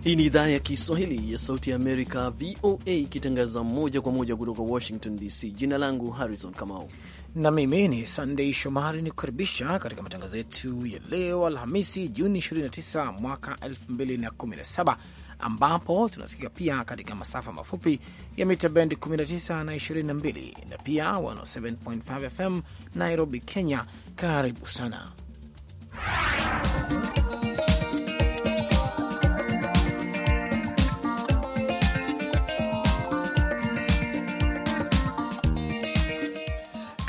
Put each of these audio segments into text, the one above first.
Hii ni idhaa ya Kiswahili ya Sauti ya Amerika, VOA, ikitangaza moja kwa moja kutoka Washington DC. Jina langu Harrison Kamau na mimi ni Sandei Shomari, ni kukaribisha katika matangazo yetu ya leo Alhamisi, Juni 29 mwaka 2017 ambapo tunasikika pia katika masafa mafupi ya mita bendi 19 na 22 na pia 107.5 FM Nairobi, Kenya. Karibu sana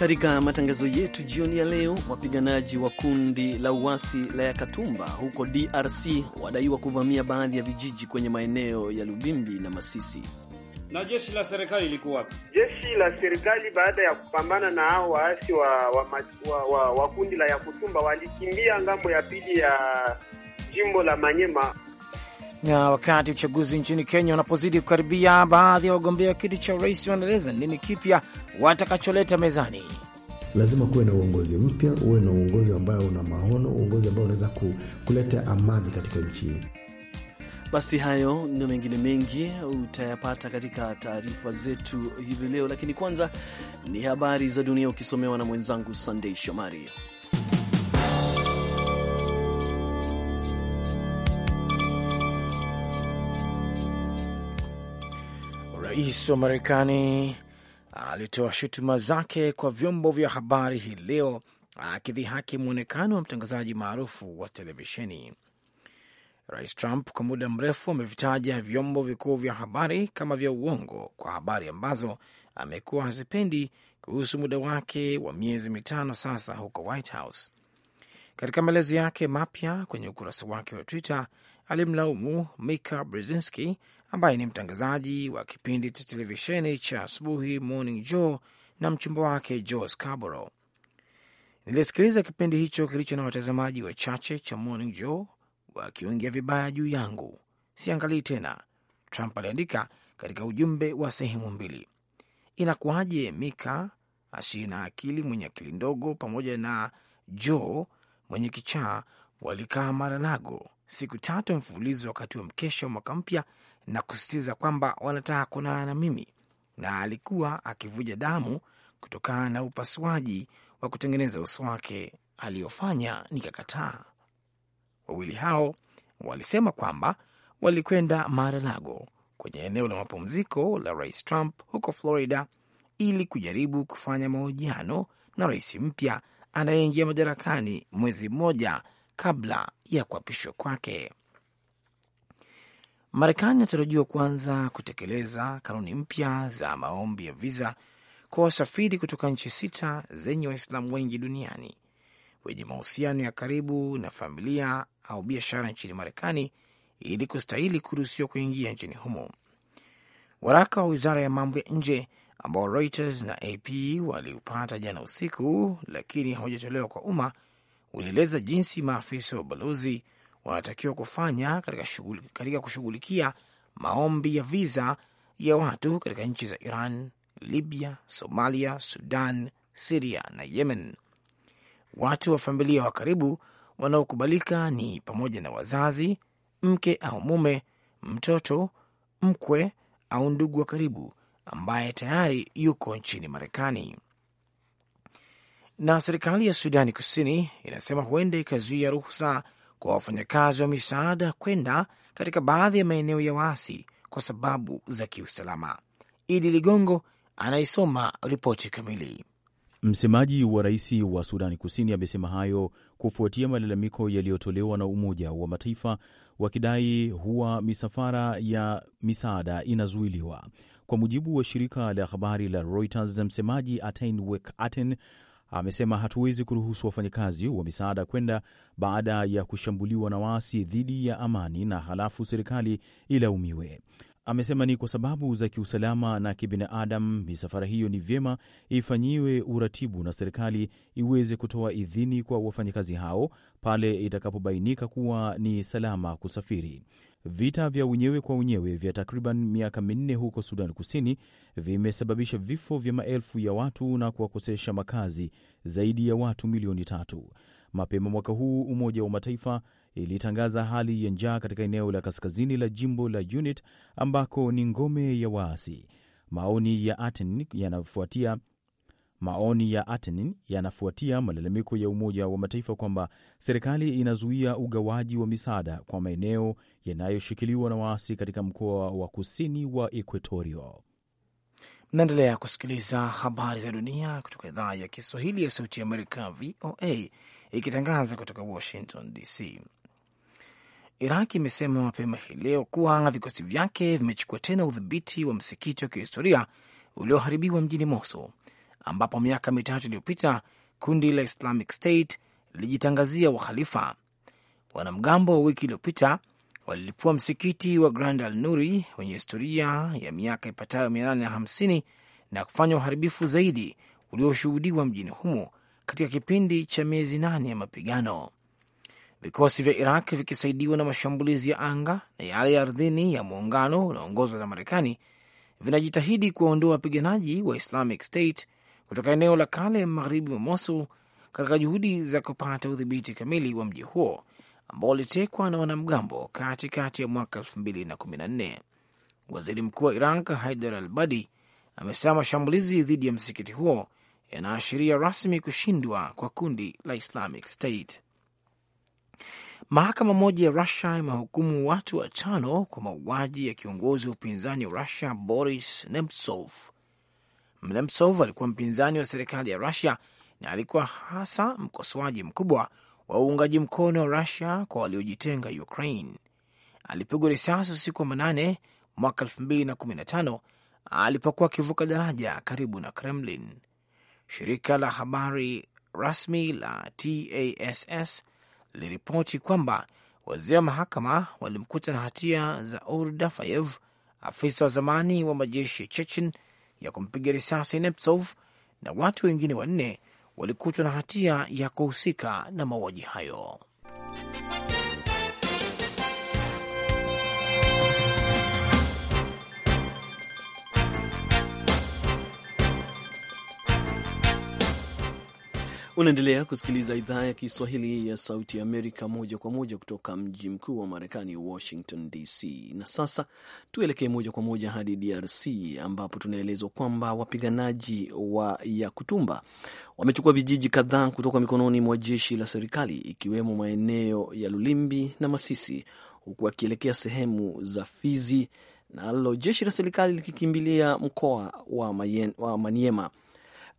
Katika matangazo yetu jioni ya leo, wapiganaji wa kundi la uasi la Yakatumba huko DRC wadaiwa kuvamia baadhi ya vijiji kwenye maeneo ya Lubimbi na Masisi. Na jeshi la serikali liko wapi? Jeshi la serikali baada ya kupambana na hao waasi wa, wa, wa, wa, wa kundi la Yakutumba walikimbia ngambo ya pili ya jimbo la Manyema. Na wakati uchaguzi nchini Kenya unapozidi kukaribia, baadhi ya wagombea wa kiti cha urais wanaeleza nini kipya watakacholeta mezani. Lazima kuwe na uongozi mpya, uwe na uongozi ambayo una maono, uongozi ambao unaweza kuleta amani katika nchi. hii Basi hayo na mengine mengi utayapata katika taarifa zetu hivi leo, lakini kwanza ni habari za dunia ukisomewa na mwenzangu Sandei Shomari. Rais wa Marekani alitoa shutuma zake kwa vyombo vya habari hii leo akidhihaki mwonekano wa mtangazaji maarufu wa televisheni. Rais Trump kwa muda mrefu amevitaja vyombo vikuu vya habari kama vya uongo kwa habari ambazo amekuwa hazipendi kuhusu muda wake wa miezi mitano sasa huko White House. Katika maelezo yake mapya kwenye ukurasa wake wa Twitter alimlaumu Mika Brzezinski ambaye ni mtangazaji wa kipindi cha televisheni cha asubuhi Morning Joe na mchumba wake Joe Scarborough. Nilisikiliza kipindi hicho kilicho na watazamaji wachache cha Morning Joe wakiongea vibaya juu yangu, siangalii tena, Trump aliandika katika ujumbe wa sehemu mbili. Inakuwaje Mika asiye na akili mwenye akili ndogo pamoja na Joe mwenye kichaa walikaa Maranago siku tatu mfululizo wakati wa mkesha wa mwaka mpya na kusisitiza kwamba wanataka kuonana na mimi, na alikuwa akivuja damu kutokana na upasuaji wa kutengeneza uso wake aliyofanya nikakataa. Wawili hao walisema kwamba walikwenda Mar-a-Lago kwenye eneo la mapumziko la Rais Trump huko Florida ili kujaribu kufanya mahojiano na rais mpya anayeingia madarakani mwezi mmoja kabla ya kuapishwa kwake. Marekani inatarajiwa kuanza kutekeleza kanuni mpya za maombi ya viza kwa wasafiri kutoka nchi sita zenye Waislamu wengi duniani wenye mahusiano ya karibu na familia au biashara nchini Marekani ili kustahili kuruhusiwa kuingia nchini humo. Waraka wa wizara ya mambo ya nje ambao Reuters na AP waliupata jana usiku, lakini haujatolewa kwa umma, ulieleza jinsi maafisa wa ubalozi wanatakiwa kufanya katika, shuguli, katika kushughulikia maombi ya viza ya watu katika nchi za Iran, Libya, Somalia, Sudan, Siria na Yemen. Watu wa familia wa karibu wanaokubalika ni pamoja na wazazi, mke au mume, mtoto, mkwe au ndugu wa karibu ambaye tayari yuko nchini Marekani. Na serikali ya Sudani Kusini inasema huenda ikazuia ruhusa kwa wafanyakazi wa misaada kwenda katika baadhi ya maeneo ya waasi kwa sababu za kiusalama. Idi Ligongo anaisoma ripoti kamili. Msemaji wa rais wa Sudani Kusini amesema hayo kufuatia malalamiko yaliyotolewa na Umoja wa Mataifa wakidai huwa misafara ya misaada inazuiliwa. Kwa mujibu wa shirika la habari la Reuters, msemaji Aten Wek Aten amesema hatuwezi kuruhusu wafanyakazi wa misaada kwenda baada ya kushambuliwa na waasi dhidi ya amani na halafu serikali ilaumiwe. Amesema ni kwa sababu za kiusalama na kibinadamu, misafara hiyo ni vyema ifanyiwe uratibu na serikali iweze kutoa idhini kwa wafanyakazi hao pale itakapobainika kuwa ni salama kusafiri. Vita vya wenyewe kwa wenyewe vya takriban miaka minne huko Sudan Kusini vimesababisha vifo vya maelfu ya watu na kuwakosesha makazi zaidi ya watu milioni tatu. Mapema mwaka huu Umoja wa Mataifa ilitangaza hali ya njaa katika eneo la kaskazini la jimbo la Unit ambako ni ngome ya waasi. Maoni ya Aten yanafuatia maoni ya Atenin yanafuatia malalamiko ya Umoja wa Mataifa kwamba serikali inazuia ugawaji wa misaada kwa maeneo yanayoshikiliwa na waasi katika mkoa wa kusini wa equatorio Mnaendelea kusikiliza habari za dunia kutoka idhaa ya Kiswahili ya Sauti ya Amerika, VOA, ikitangaza kutoka Washington DC. Iraq imesema mapema hii leo kuwa vikosi vyake vimechukua tena udhibiti wa msikiti wa kihistoria ulioharibiwa mjini Mosul, ambapo miaka mitatu iliyopita kundi la Islamic State lilijitangazia ukhalifa. Wanamgambo wa wiki iliyopita walilipua msikiti wa Grand Al Nuri wenye historia ya miaka ipatayo 850 na kufanya uharibifu zaidi ulioshuhudiwa mjini humo katika kipindi cha miezi nane ya mapigano vikosi vya Iraq vikisaidiwa na mashambulizi ya anga na yale ya ardhini ya muungano unaoongozwa na Marekani vinajitahidi kuwaondoa wapiganaji wa Islamic State kutoka eneo la kale magharibi mwa Mosul katika juhudi za kupata udhibiti kamili wa mji huo ambao ulitekwa na wanamgambo katikati ya mwaka 2014. Waziri mkuu wa Iraq Haidar al-Badi amesema mashambulizi dhidi ya msikiti huo yanaashiria rasmi kushindwa kwa kundi la Islamic State. Mahakama moja ya Rusia imehukumu watu watano kwa mauaji ya kiongozi wa upinzani wa Rusia Boris Nemtsov. Nemtsov alikuwa mpinzani wa serikali ya Rusia na alikuwa hasa mkosoaji mkubwa wa uungaji mkono wa Rusia kwa waliojitenga Ukraine. Alipigwa risasi usiku wa manane mwaka 2015 alipokuwa akivuka daraja karibu na Kremlin. Shirika la habari rasmi la TASS liliripoti kwamba wazee wa mahakama walimkuta na hatia Zaur Dafayev, afisa wa zamani wa majeshi ya Chechen, ya kumpiga risasi Nepsov, na watu wengine wanne walikutwa na hatia ya kuhusika na mauaji hayo. Unaendelea kusikiliza idhaa ya Kiswahili ya Sauti ya Amerika moja kwa moja kutoka mji mkuu wa Marekani, Washington DC. Na sasa tuelekee moja kwa moja hadi DRC ambapo tunaelezwa kwamba wapiganaji wa Yakutumba wamechukua vijiji kadhaa kutoka mikononi mwa jeshi la serikali ikiwemo maeneo ya Lulimbi na Masisi, huku wakielekea sehemu za Fizi, nalo jeshi la serikali likikimbilia mkoa wa, wa Maniema.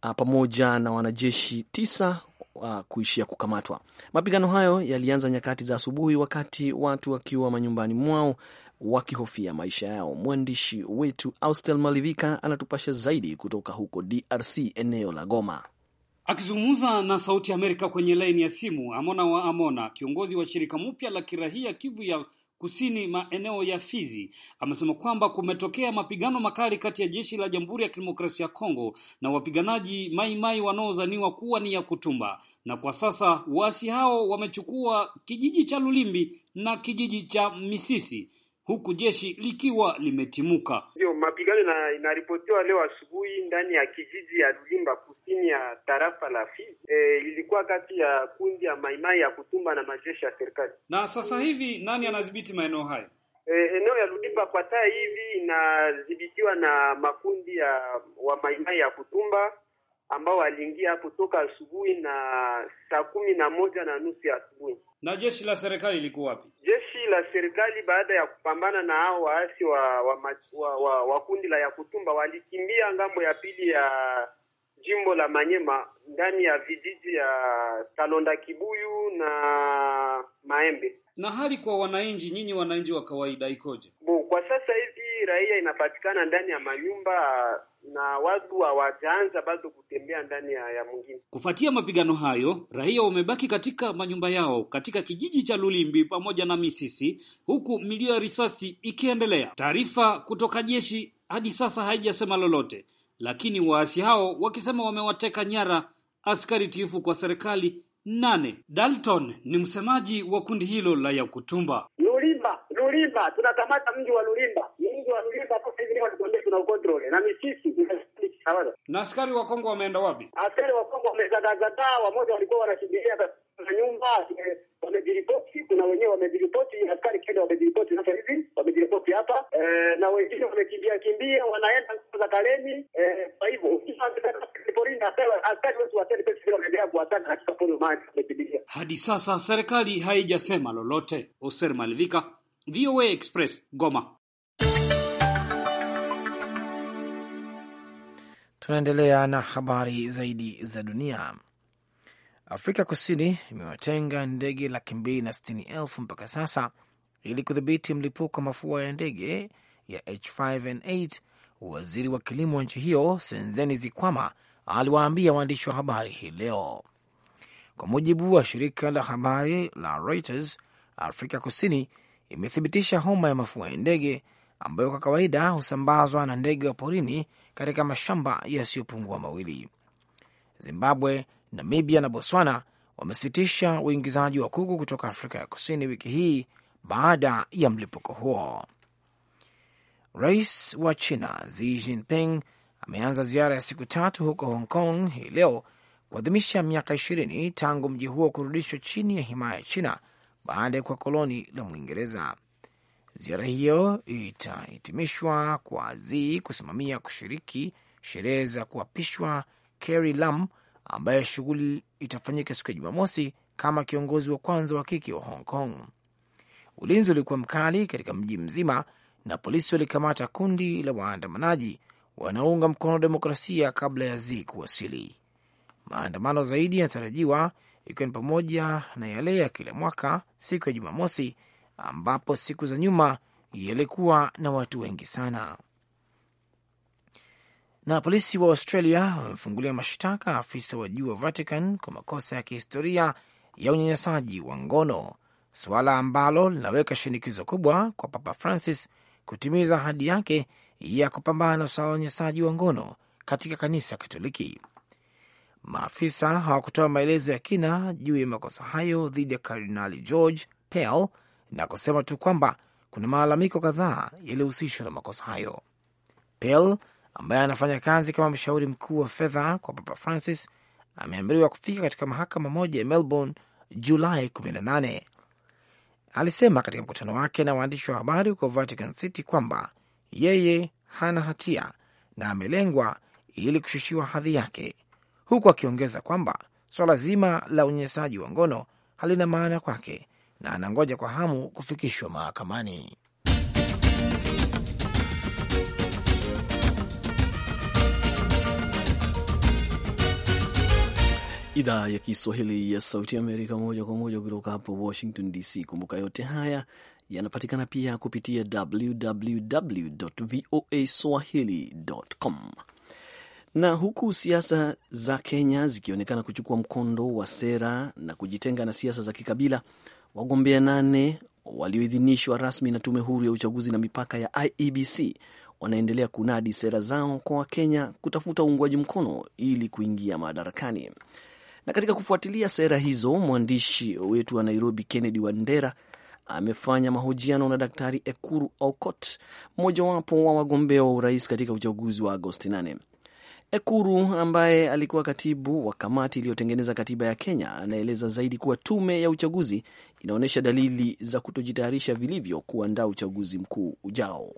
Uh, pamoja na wanajeshi tisa uh, kuishia kukamatwa. Mapigano hayo yalianza nyakati za asubuhi, wakati watu wakiwa manyumbani mwao wakihofia maisha yao. Mwandishi wetu Austel Malivika anatupasha zaidi kutoka huko DRC, eneo la Goma. Akizungumza na Sauti ya Amerika kwenye laini ya simu, Amona wa Amona, kiongozi wa shirika mpya la kirahia Kivu ya kusini maeneo ya Fizi amesema kwamba kumetokea mapigano makali kati ya jeshi la Jamhuri ya Kidemokrasia ya Kongo na wapiganaji Maimai wanaozaniwa kuwa ni ya Kutumba, na kwa sasa waasi hao wamechukua kijiji cha Lulimbi na kijiji cha Misisi huku jeshi likiwa limetimuka. Ndio mapigano na inaripotiwa leo asubuhi ndani ya kijiji ya lulimba kusini ya tarafa la Fizi. E, ilikuwa kati ya kundi ya Maimai ya Kutumba na majeshi ya serikali. Na sasa hivi nani anadhibiti maeneo haya? E, eneo ya lulimba kwa saa hivi inadhibitiwa na makundi ya wa Maimai ya Kutumba ambao waliingia hapo toka asubuhi na saa kumi na moja na nusu ya asubuhi. Na jeshi la serikali liko wapi? Jeshi la serikali baada ya kupambana na hao waasi wa wa, wa, wa, wa kundi la Yakutumba walikimbia ngambo ya pili ya jimbo la Manyema ndani ya vijiji ya Talonda Kibuyu na Maembe. Na hali kwa wananchi, nyinyi wananchi wa kawaida ikoje? Bo, kwa sasa hivi hii raia inapatikana ndani ya manyumba na watu hawajaanza bado kutembea ndani ya, ya mwingine. Kufuatia mapigano hayo, raia wamebaki katika manyumba yao katika kijiji cha Lulimbi pamoja na Misisi, huku milio ya risasi ikiendelea. Taarifa kutoka jeshi hadi sasa haijasema lolote, lakini waasi hao wakisema wamewateka nyara askari tiifu kwa serikali nane. Dalton ni msemaji wa kundi hilo la Yakutumba. Lulimba, Lulimba, tunakamata mji wa Lulimba na askari wa Kongo wameenda wapi? Askari wa Kongo wamezagazagaa, wamoja walikuwa wanakimbilia na nyumba eh, wamejiripoti, kuna wenyewe wamejiripoti, askari kenda wamejiripoti sasa hivi wamejiripoti hapa eh, na wengine wamekimbia kimbia, wanaenda za Kalemi. Eh, kwa hivyo hadi sasa serikali haijasema lolote. Oser Malvika, VOA Express, Goma. Tunaendelea na habari zaidi za dunia. Afrika Kusini imewatenga ndege laki mbili na sitini elfu mpaka sasa ili kudhibiti mlipuko wa mafua ya ndege ya H5N8. Waziri wa kilimo wa nchi hiyo Senzeni Zikwama aliwaambia waandishi wa habari hii leo, kwa mujibu wa shirika la habari la Reuters. Afrika Kusini imethibitisha homa ya mafua ya ndege ambayo kwa kawaida husambazwa na ndege wa porini katika mashamba yasiyopungua mawili. Zimbabwe, Namibia na Botswana wamesitisha uingizaji wa kuku kutoka Afrika ya Kusini wiki hii baada ya mlipuko huo. Rais wa China Xi Jinping ameanza ziara ya siku tatu huko Hong Kong hii leo kuadhimisha miaka ishirini tangu mji huo kurudishwa chini ya himaya ya China baada ya kuwa koloni la Mwingereza. Ziara hiyo itahitimishwa kwa Zi kusimamia kushiriki sherehe za kuapishwa Carrie Lam, ambayo shughuli itafanyika siku ya Jumamosi kama kiongozi wa kwanza wa kike wa Hong Kong. Ulinzi ulikuwa mkali katika mji mzima na polisi walikamata kundi la waandamanaji wanaounga mkono demokrasia kabla ya Zi kuwasili. Maandamano zaidi yanatarajiwa ikiwa ni pamoja na yale ya kila mwaka siku ya Jumamosi ambapo siku za nyuma yalikuwa na watu wengi sana. Na polisi wa Australia wamefungulia mashtaka afisa wa juu wa Vatican kwa makosa ya kihistoria ya unyanyasaji wa ngono, suala ambalo linaweka shinikizo kubwa kwa Papa Francis kutimiza ahadi yake ya kupambana na usawa unyanyasaji wa ngono katika kanisa Katoliki. Maafisa hawakutoa maelezo ya kina juu ya makosa hayo dhidi ya Kardinali George Pell na kusema tu kwamba kuna malalamiko kadhaa yaliyohusishwa na makosa hayo. Pell ambaye anafanya kazi kama mshauri mkuu wa fedha kwa Papa Francis ameamriwa kufika katika mahakama moja ya Melbourne Julai 18. Alisema katika mkutano wake na waandishi wa habari huko Vatican City kwamba yeye hana hatia na amelengwa ili kushushiwa hadhi yake, huku akiongeza kwamba swala zima la unyanyasaji wa ngono halina maana kwake na anangoja kwa hamu kufikishwa mahakamani. Idhaa ya Kiswahili ya Sauti Amerika, moja kwa moja kutoka hapo Washington DC. Kumbuka yote haya yanapatikana pia kupitia www voa swahili.com. Na huku siasa za Kenya zikionekana kuchukua mkondo wa sera na kujitenga na siasa za kikabila, Wagombea nane walioidhinishwa rasmi na tume huru ya uchaguzi na mipaka ya IEBC wanaendelea kunadi sera zao kwa Wakenya kutafuta uungwaji mkono ili kuingia madarakani. Na katika kufuatilia sera hizo, mwandishi wetu wa Nairobi Kennedy Wandera amefanya mahojiano na Daktari Ekuru Aukot, mmojawapo wa wagombea wa urais katika uchaguzi wa Agosti Ekuru ambaye alikuwa katibu wa kamati iliyotengeneza katiba ya Kenya anaeleza zaidi kuwa tume ya uchaguzi inaonyesha dalili za kutojitayarisha vilivyo kuandaa uchaguzi mkuu ujao.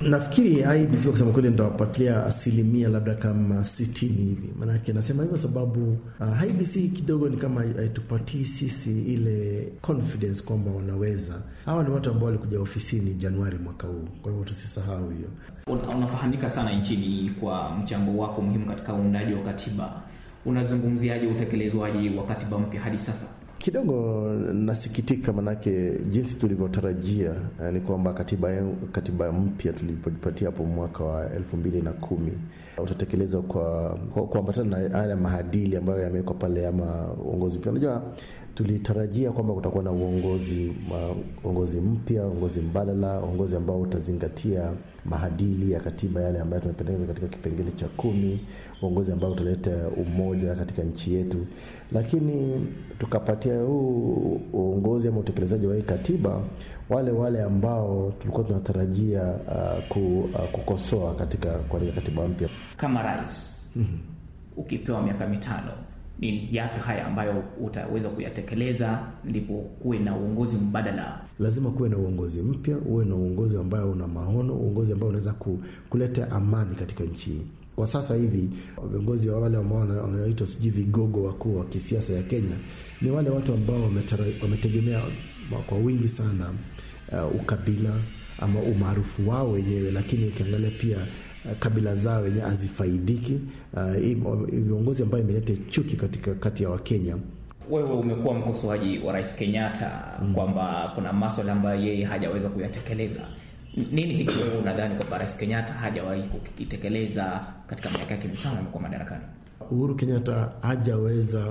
Nafikiri IBC kusema kweli nitawapatia asilimia labda kama sitini hivi, maanake nasema hivyo sababu uh, ah, IBC kidogo ni kama haitupatii sisi ile confidence kwamba wanaweza. Hawa ni watu ambao walikuja ofisini Januari mwaka huu, kwa hivyo tusisahau hiyo. Unafahamika sana nchini kwa mchango wako muhimu katika uundaji wa katiba. Unazungumziaje utekelezwaji wa katiba mpya hadi sasa? Kidogo nasikitika, manake jinsi tulivyotarajia eh, ni kwamba katiba, katiba mpya tulipojipatia hapo mwaka wa elfu mbili na kumi utatekelezwa kwa kuambatana na haya maadili ambayo yamewekwa pale ama uongozi pia. Unajua tulitarajia kwamba kutakuwa na uongozi uongozi mpya, uongozi mbadala, uongozi ambao utazingatia maadili ya katiba yale ambayo tumependekeza katika kipengele cha kumi, uongozi ambao utaleta umoja katika nchi yetu. Lakini tukapatia huu uongozi ama utekelezaji wa hii katiba wale wale ambao tulikuwa tunatarajia uh, ku, uh, kukosoa katika, katika katiba mpya kama rais mm -hmm. ukipewa miaka mitano ni yapi haya ambayo utaweza kuyatekeleza, ndipo kuwe na uongozi mbadala. Lazima kuwe na uongozi mpya, uwe na uongozi ambayo una maono, uongozi ambao unaweza kuleta amani katika nchi. hii Kwa sasa hivi viongozi wa wale ambao wanaoitwa sijui vigogo wakuu wa kisiasa ya Kenya ni wale watu ambao wametegemea kwa wingi sana uh, ukabila ama umaarufu wao wenyewe, lakini ukiangalia pia Eh, kabila zao wenyewe hazifaidiki. Eh, viongozi uh, ambayo imeleta chuki katika kati ya Wakenya. Wewe umekuwa mkosoaji wa Rais Kenyatta mm, kwamba kuna maswala ambayo yeye hajaweza kuyatekeleza. Nini hiki wewe unadhani kwamba Rais Kenyatta hajawahi kukitekeleza katika miaka yake mitano amekuwa madarakani? Uhuru Kenyatta hajaweza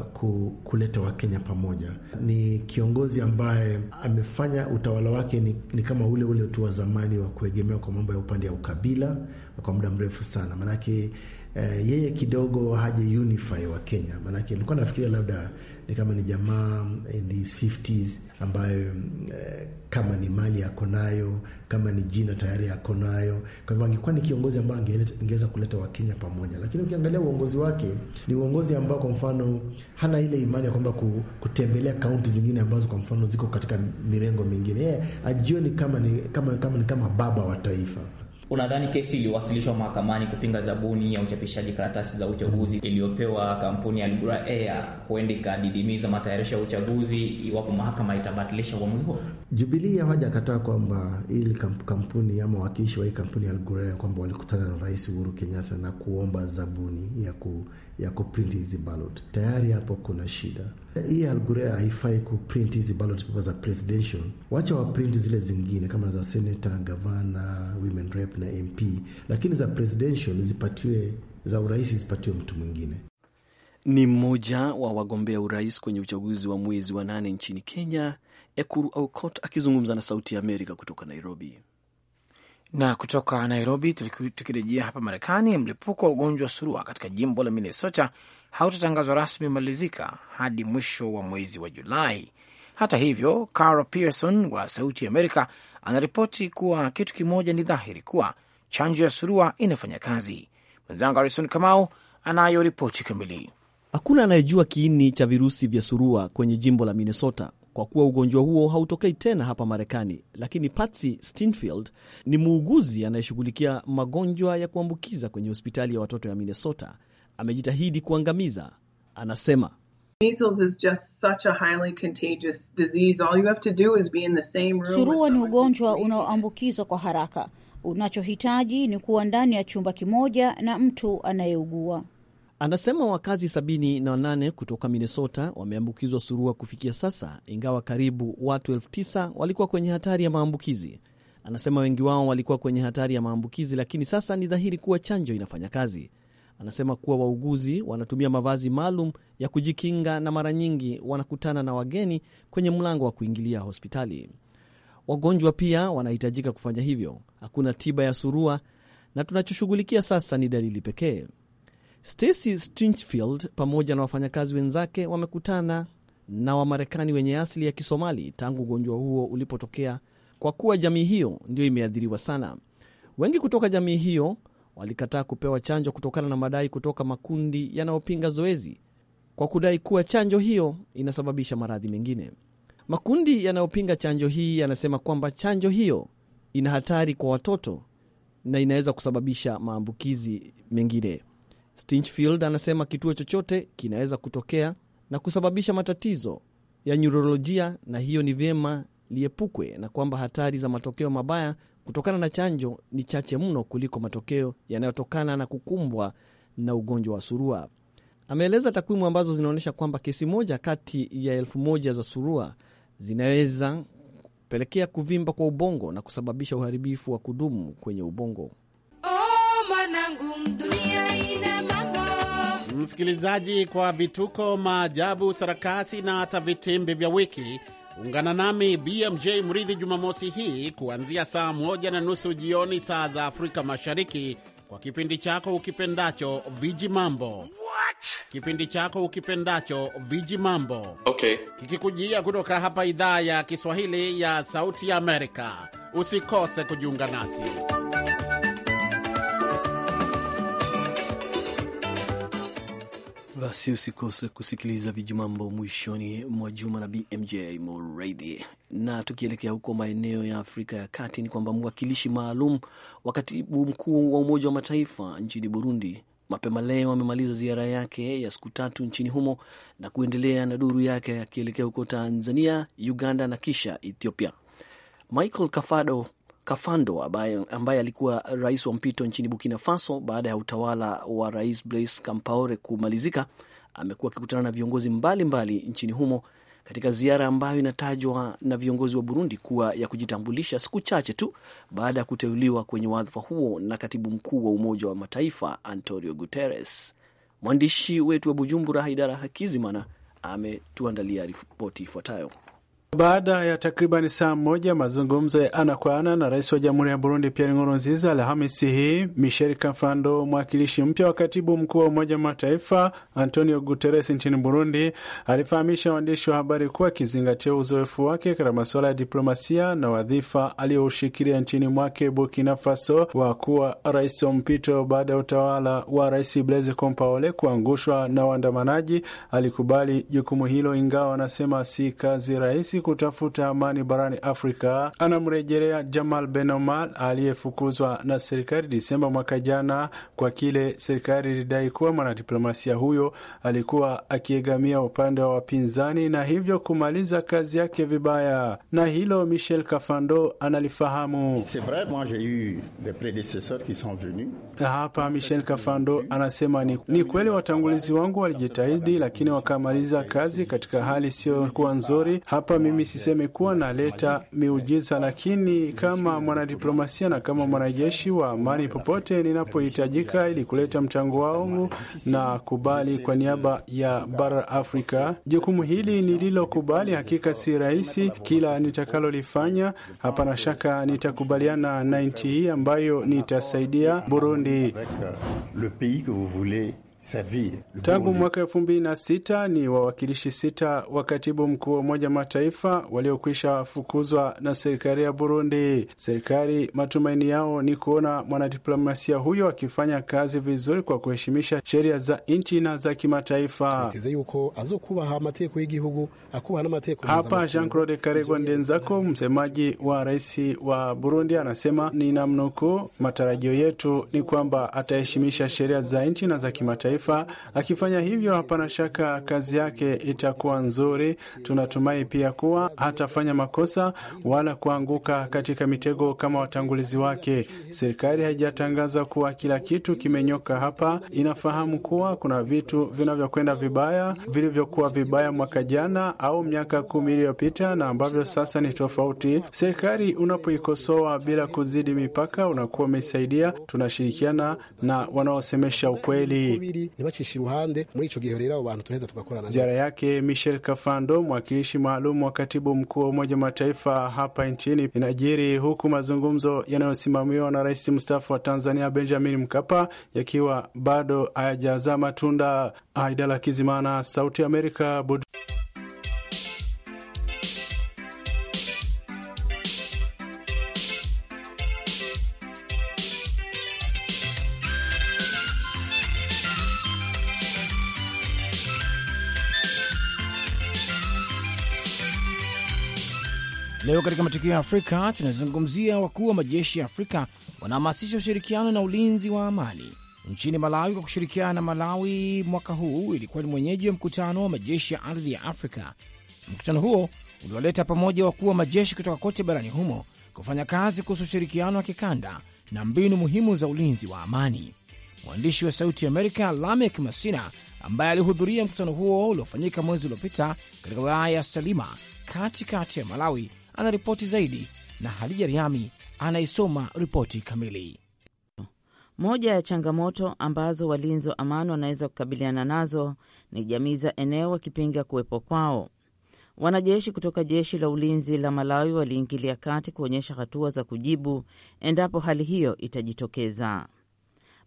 kuleta Wakenya pamoja. Ni kiongozi ambaye amefanya utawala wake ni, ni kama ule ule tu wa zamani wa kuegemea kwa mambo ya upande ya ukabila kwa muda mrefu sana, maanake Eh, yeye kidogo haje unify wa Kenya, maanake nilikuwa nafikiria labda ni kama ni jamaa in his 50s ambayo eh, kama ni mali yako nayo, kama ni jina tayari yako nayo. Kwa hivyo angekuwa ni kiongozi ambaye angeweza kuleta Wakenya pamoja, lakini ukiangalia uongozi wake ni uongozi ambao kwa mfano hana ile imani ya kwamba kutembelea kaunti zingine ambazo kwa mfano ziko katika mirengo mingine. Yeye ajioni kama ni kama, kama, kama, kama baba wa taifa. Unadhani kesi iliwasilishwa mahakamani kupinga zabuni ya uchapishaji karatasi za uchaguzi iliyopewa kampuni ya Lugura Air huenda ikadidimiza matayarisho ya uchaguzi iwapo mahakama itabatilisha uamuzi huo? Jubilee hawajakataa kwamba ili kampuni ama wakiishi wa hii kampuni ya Lugura Air kwamba walikutana na Rais Uhuru Kenyatta na kuomba zabuni ya ku ya kuprinti hizi ballot. Tayari hapo kuna shida. Hii algurea haifai kuprint hizi ballot paper za presidential, wacha waprint zile zingine kama za senator, gavana, women rep na MP, lakini za presidential zipatiwe, za urais zipatiwe mtu mwingine. Ni mmoja wa wagombea urais kwenye uchaguzi wa mwezi wa nane nchini Kenya, Ekuru Aukot akizungumza na Sauti ya Amerika kutoka Nairobi. Na kutoka Nairobi tukirejea hapa Marekani, mlipuko wa ugonjwa wa surua katika jimbo la Minnesota hautatangazwa rasmi malizika hadi mwisho wa mwezi wa Julai. Hata hivyo, Carol Pearson wa Sauti Amerika anaripoti kuwa kitu kimoja ni dhahiri kuwa chanjo ya surua inafanya kazi. Mwenzangu Harison Kamau anayo ripoti kamili. Hakuna anayejua kiini cha virusi vya surua kwenye jimbo la Minnesota kwa kuwa ugonjwa huo hautokei tena hapa Marekani. Lakini Patsy Stinfield ni muuguzi anayeshughulikia magonjwa ya kuambukiza kwenye hospitali ya watoto ya Minnesota. Amejitahidi kuangamiza, anasema surua ni ugonjwa unaoambukizwa kwa haraka. Unachohitaji ni kuwa ndani ya chumba kimoja na mtu anayeugua. Anasema wakazi 78 kutoka Minnesota wameambukizwa surua kufikia sasa, ingawa karibu watu 9 walikuwa kwenye hatari ya maambukizi. Anasema wengi wao walikuwa kwenye hatari ya maambukizi, lakini sasa ni dhahiri kuwa chanjo inafanya kazi. Anasema kuwa wauguzi wanatumia mavazi maalum ya kujikinga na mara nyingi wanakutana na wageni kwenye mlango wa kuingilia hospitali. Wagonjwa pia wanahitajika kufanya hivyo. Hakuna tiba ya surua na tunachoshughulikia sasa ni dalili pekee. Stacy Stinchfield pamoja na wafanyakazi wenzake wamekutana na Wamarekani wenye asili ya Kisomali tangu ugonjwa huo ulipotokea, kwa kuwa jamii hiyo ndiyo imeathiriwa sana. Wengi kutoka jamii hiyo walikataa kupewa chanjo kutokana na madai kutoka makundi yanayopinga zoezi, kwa kudai kuwa chanjo hiyo inasababisha maradhi mengine. Makundi yanayopinga chanjo hii yanasema kwamba chanjo hiyo ina hatari kwa watoto na inaweza kusababisha maambukizi mengine. Stinchfield anasema kituo chochote kinaweza kutokea na kusababisha matatizo ya nyurolojia, na hiyo ni vyema liepukwe, na kwamba hatari za matokeo mabaya kutokana na chanjo ni chache mno kuliko matokeo yanayotokana na kukumbwa na ugonjwa wa surua. Ameeleza takwimu ambazo zinaonyesha kwamba kesi moja kati ya elfu moja za surua zinaweza kupelekea kuvimba kwa ubongo na kusababisha uharibifu wa kudumu kwenye ubongo. Oh, manangu, dunia Msikilizaji, kwa vituko, maajabu, sarakasi na hata vitimbi vya wiki, ungana nami BMJ Mridhi Jumamosi hii kuanzia saa moja na nusu jioni saa za Afrika Mashariki kwa kipindi chako ukipendacho Viji Mambo. Kipindi chako ukipendacho Viji Mambo, okay, kikikujia kutoka hapa idhaa ya Kiswahili ya Sauti ya Amerika. Usikose kujiunga nasi. Basi usikose kusikiliza vijimambo mwishoni mwa juma na BMJ Mureithi. Na tukielekea huko maeneo ya Afrika ya Kati, ni kwamba mwakilishi maalum wa katibu mkuu wa Umoja wa Mataifa nchini Burundi mapema leo amemaliza ziara yake ya siku tatu nchini humo na kuendelea na duru yake akielekea huko Tanzania, Uganda na kisha Ethiopia. Michael Kafado Kafando ambaye, ambaye alikuwa rais wa mpito nchini Burkina Faso baada ya utawala wa rais Blaise Compaore kumalizika, amekuwa akikutana na viongozi mbalimbali mbali nchini humo katika ziara ambayo inatajwa na viongozi wa Burundi kuwa ya kujitambulisha, siku chache tu baada ya kuteuliwa kwenye wadhifa huo na katibu mkuu wa Umoja wa Mataifa Antonio Guterres. Mwandishi wetu wa Bujumbura, Haidara Hakizimana, ametuandalia ripoti ifuatayo. Baada ya takribani saa moja mazungumzo ya ana kwa ana na rais wa jamhuri ya Burundi Pierre Nkurunziza Alhamisi hii, Michel Kafando, mwakilishi mpya wa katibu mkuu wa Umoja wa Mataifa Antonio Guterres nchini Burundi, alifahamisha waandishi wa habari kuwa akizingatia uzoefu wake katika masuala ya diplomasia na wadhifa aliyoushikilia nchini mwake Burkina Faso wa kuwa rais wa mpito baada ya utawala wa rais Blaise Compaore kuangushwa na waandamanaji, alikubali jukumu hilo, ingawa anasema si kazi rahisi kushiriki kutafuta amani barani Afrika anamrejelea Jamal Benomal aliyefukuzwa na serikali Disemba mwaka jana kwa kile serikali ilidai kuwa mwanadiplomasia huyo alikuwa akiegamia upande wa wapinzani na hivyo kumaliza kazi yake vibaya, na hilo Michel Kafando analifahamu. Hapa Michel Kafando anasema ni, ni kweli watangulizi wangu walijitahidi, lakini wakamaliza kazi katika hali isiyokuwa nzuri hapa mimi siseme kuwa naleta miujiza, lakini kama mwanadiplomasia na kama mwanajeshi wa amani, popote ninapohitajika ili kuleta mchango wangu, na kubali kwa niaba ya bara Afrika jukumu hili nililokubali. Hakika si rahisi kila nitakalolifanya, hapana shaka nitakubaliana na nchi hii ambayo nitasaidia Burundi. Tangu mwaka elfu mbili na sita ni wawakilishi sita wa katibu mkuu wa Umoja Mataifa waliokwisha fukuzwa na serikali ya Burundi. Serikali matumaini yao ni kuona mwanadiplomasia huyo akifanya kazi vizuri kwa kuheshimisha sheria za nchi na za kimataifa. Hapa Jean Claude Karego Ndenzako, msemaji wa rais wa Burundi, anasema, ni namnukuu matarajio yetu ni kwamba ataheshimisha sheria za nchi na za kimataifa kimataifa. Akifanya hivyo, hapana shaka kazi yake itakuwa nzuri. Tunatumai pia kuwa hatafanya makosa wala kuanguka katika mitego kama watangulizi wake. Serikali haijatangaza kuwa kila kitu kimenyoka hapa. Inafahamu kuwa kuna vitu vinavyokwenda vibaya, vilivyokuwa vibaya mwaka jana au miaka kumi iliyopita na ambavyo sasa ni tofauti. Serikali unapoikosoa bila kuzidi mipaka, unakuwa umeisaidia. Tunashirikiana na wanaosemesha ukweli kandi ntibacishe iruhande. Muri ico gihe rero abo bantu tunaweza tukakorana. Ziara yake Michel Kafando, mwakilishi maalum wa katibu mkuu wa Umoja wa Mataifa hapa nchini inajiri huku mazungumzo yanayosimamiwa na rais mstaafu wa Tanzania Benjamin Mkapa yakiwa bado hayajazaa matunda. Aidala Kizimana, Sauti ya Amerika, Budu. Leo katika matukio ya Afrika tunazungumzia wakuu wa majeshi ya Afrika wanahamasisha ushirikiano na ulinzi wa amani nchini Malawi kwa kushirikiana na Malawi. Mwaka huu ilikuwa ni mwenyeji wa mkutano wa majeshi ya ardhi ya Afrika. Mkutano huo ulioleta pamoja wakuu wa majeshi kutoka kote barani humo kufanya kazi kuhusu ushirikiano wa kikanda na mbinu muhimu za ulinzi wa amani. Mwandishi wa Sauti Amerika Lamek Masina, ambaye alihudhuria mkutano huo uliofanyika mwezi uliopita katika wilaya ya Salima katikati ya Malawi, ripoti zaidi, na Hadija Riami anaisoma ripoti kamili. Moja ya changamoto ambazo walinzi wa amani wanaweza kukabiliana nazo ni jamii za eneo wakipinga kuwepo kwao. Wanajeshi kutoka jeshi la ulinzi la Malawi waliingilia kati kuonyesha hatua za kujibu endapo hali hiyo itajitokeza.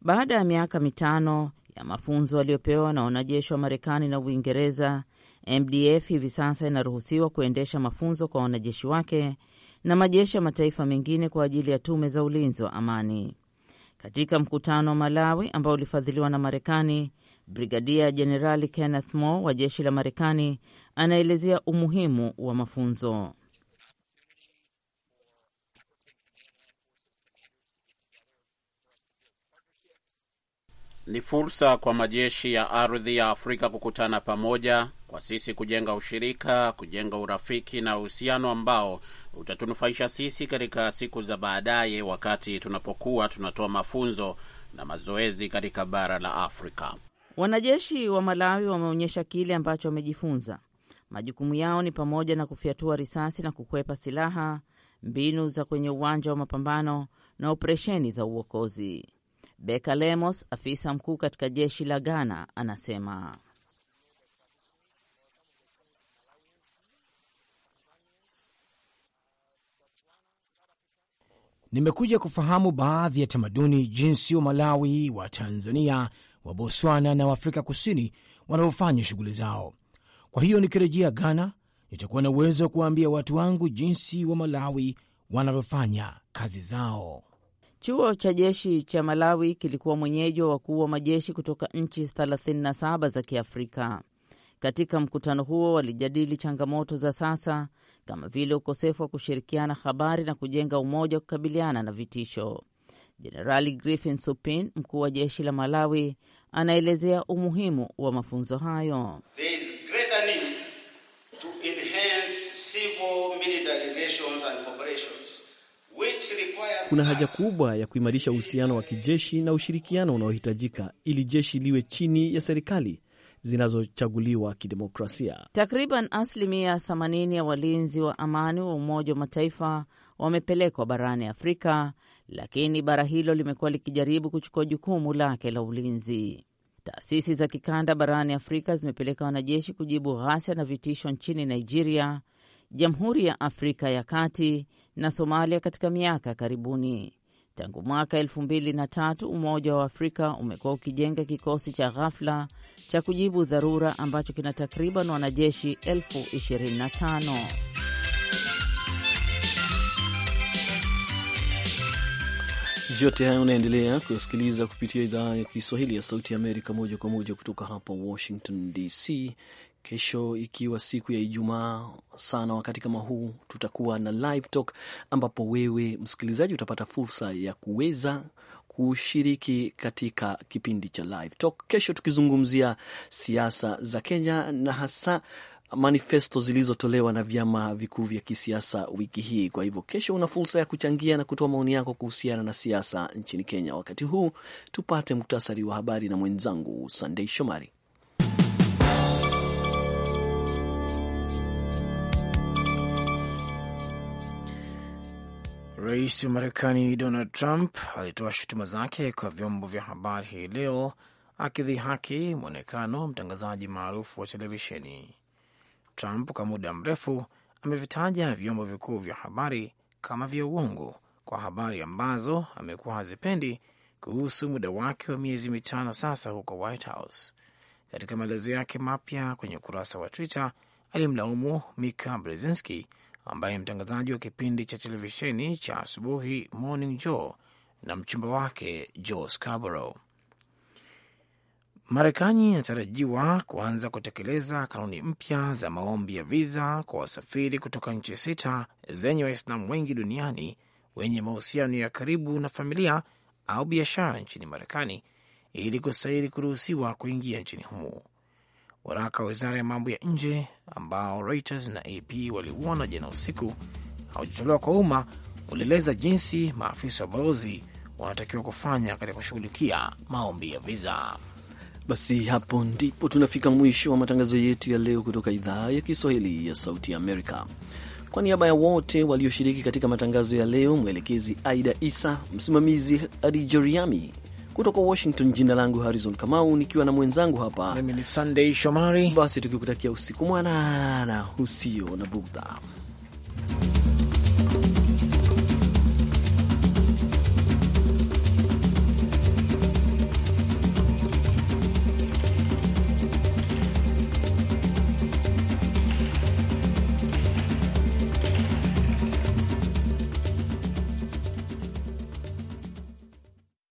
Baada ya miaka mitano ya mafunzo waliopewa na wanajeshi wa Marekani na Uingereza, MDF hivi sasa inaruhusiwa kuendesha mafunzo kwa wanajeshi wake na majeshi ya mataifa mengine kwa ajili ya tume za ulinzi wa amani. Katika mkutano wa Malawi ambao ulifadhiliwa na Marekani, Brigadia Jenerali Kenneth Moore wa jeshi la Marekani anaelezea umuhimu wa mafunzo. Ni fursa kwa majeshi ya ardhi ya Afrika kukutana pamoja kwa sisi kujenga ushirika, kujenga urafiki na uhusiano ambao utatunufaisha sisi katika siku za baadaye, wakati tunapokuwa tunatoa mafunzo na mazoezi katika bara la Afrika. Wanajeshi wa Malawi wameonyesha kile ambacho wamejifunza. Majukumu yao ni pamoja na kufyatua risasi na kukwepa silaha, mbinu za kwenye uwanja wa mapambano na operesheni za uokozi. Beka Lemos, afisa mkuu katika jeshi la Ghana, anasema nimekuja kufahamu baadhi ya tamaduni, jinsi wa Malawi, wa Tanzania, wa Botswana na Waafrika Kusini wanavyofanya shughuli zao. Kwa hiyo nikirejea Ghana, nitakuwa na uwezo wa kuwaambia watu wangu jinsi wa Malawi wanavyofanya kazi zao. Chuo cha jeshi cha Malawi kilikuwa mwenyeji wa wakuu wa majeshi kutoka nchi 37 za Kiafrika. Katika mkutano huo walijadili changamoto za sasa kama vile ukosefu wa kushirikiana habari na kujenga umoja wa kukabiliana na vitisho. Jenerali Griffin Supin, mkuu wa jeshi la Malawi, anaelezea umuhimu wa mafunzo hayo. Kuna haja kubwa ya kuimarisha uhusiano wa kijeshi na ushirikiano unaohitajika ili jeshi liwe chini ya serikali zinazochaguliwa kidemokrasia. Takriban asilimia 80 ya walinzi wa amani wa Umoja wa Mataifa wamepelekwa barani Afrika, lakini bara hilo limekuwa likijaribu kuchukua jukumu lake la ulinzi. Taasisi za kikanda barani Afrika zimepeleka wanajeshi kujibu ghasia na vitisho nchini Nigeria, Jamhuri ya Afrika ya Kati na Somalia katika miaka ya karibuni. Tangu mwaka elfu mbili na tatu Umoja wa Afrika umekuwa ukijenga kikosi cha ghafla cha kujibu dharura ambacho kina takriban wanajeshi elfu ishirini na tano. Yote hayo unaendelea kusikiliza kupitia idhaa ya Kiswahili ya Sauti ya Amerika moja kwa moja kutoka hapa Washington DC, Kesho ikiwa siku ya Ijumaa sana wakati kama huu, tutakuwa na live talk, ambapo wewe msikilizaji utapata fursa ya kuweza kushiriki katika kipindi cha live talk kesho, tukizungumzia siasa za Kenya na hasa manifesto zilizotolewa na vyama vikuu vya kisiasa wiki hii. Kwa hivyo, kesho una fursa ya kuchangia na kutoa maoni yako kuhusiana na siasa nchini Kenya. Wakati huu tupate muktasari wa habari na mwenzangu Sandei Shomari. Rais wa Marekani Donald Trump alitoa shutuma zake kwa vyombo vya habari hii leo akidhihaki mwonekano mtangazaji maarufu wa televisheni. Trump kwa muda mrefu amevitaja vyombo vikuu vya habari kama vya uongo kwa habari ambazo amekuwa hazipendi kuhusu muda wake wa miezi mitano sasa huko White House. Katika maelezo yake mapya kwenye ukurasa wa Twitter alimlaumu Mika Brzezinski ambaye mtangazaji wa kipindi cha televisheni cha asubuhi Morning Joe na mchumba wake Joe Scarborough. Marekani inatarajiwa kuanza kutekeleza kanuni mpya za maombi ya viza kwa wasafiri kutoka nchi sita zenye Waislamu wengi duniani wenye mahusiano ya karibu na familia au biashara nchini Marekani ili kustahiri kuruhusiwa kuingia nchini humo. Waraka wa wizara ya mambo ya nje ambao Reuters na AP waliuona jana usiku haujatolewa kwa umma ulieleza jinsi maafisa wa balozi wanatakiwa kufanya katika kushughulikia maombi ya viza. Basi hapo ndipo tunafika mwisho wa matangazo yetu ya leo kutoka idhaa ya Kiswahili ya Sauti ya Amerika. Kwa niaba ya wote walioshiriki katika matangazo ya leo, mwelekezi Aida Isa, msimamizi Adi Jeriami, kutoka Washington, jina langu Harrison Kamau, nikiwa na mwenzangu hapa, mimi ni Sunday Shomari. Basi tukikutakia usiku mwanana usio na bughudha.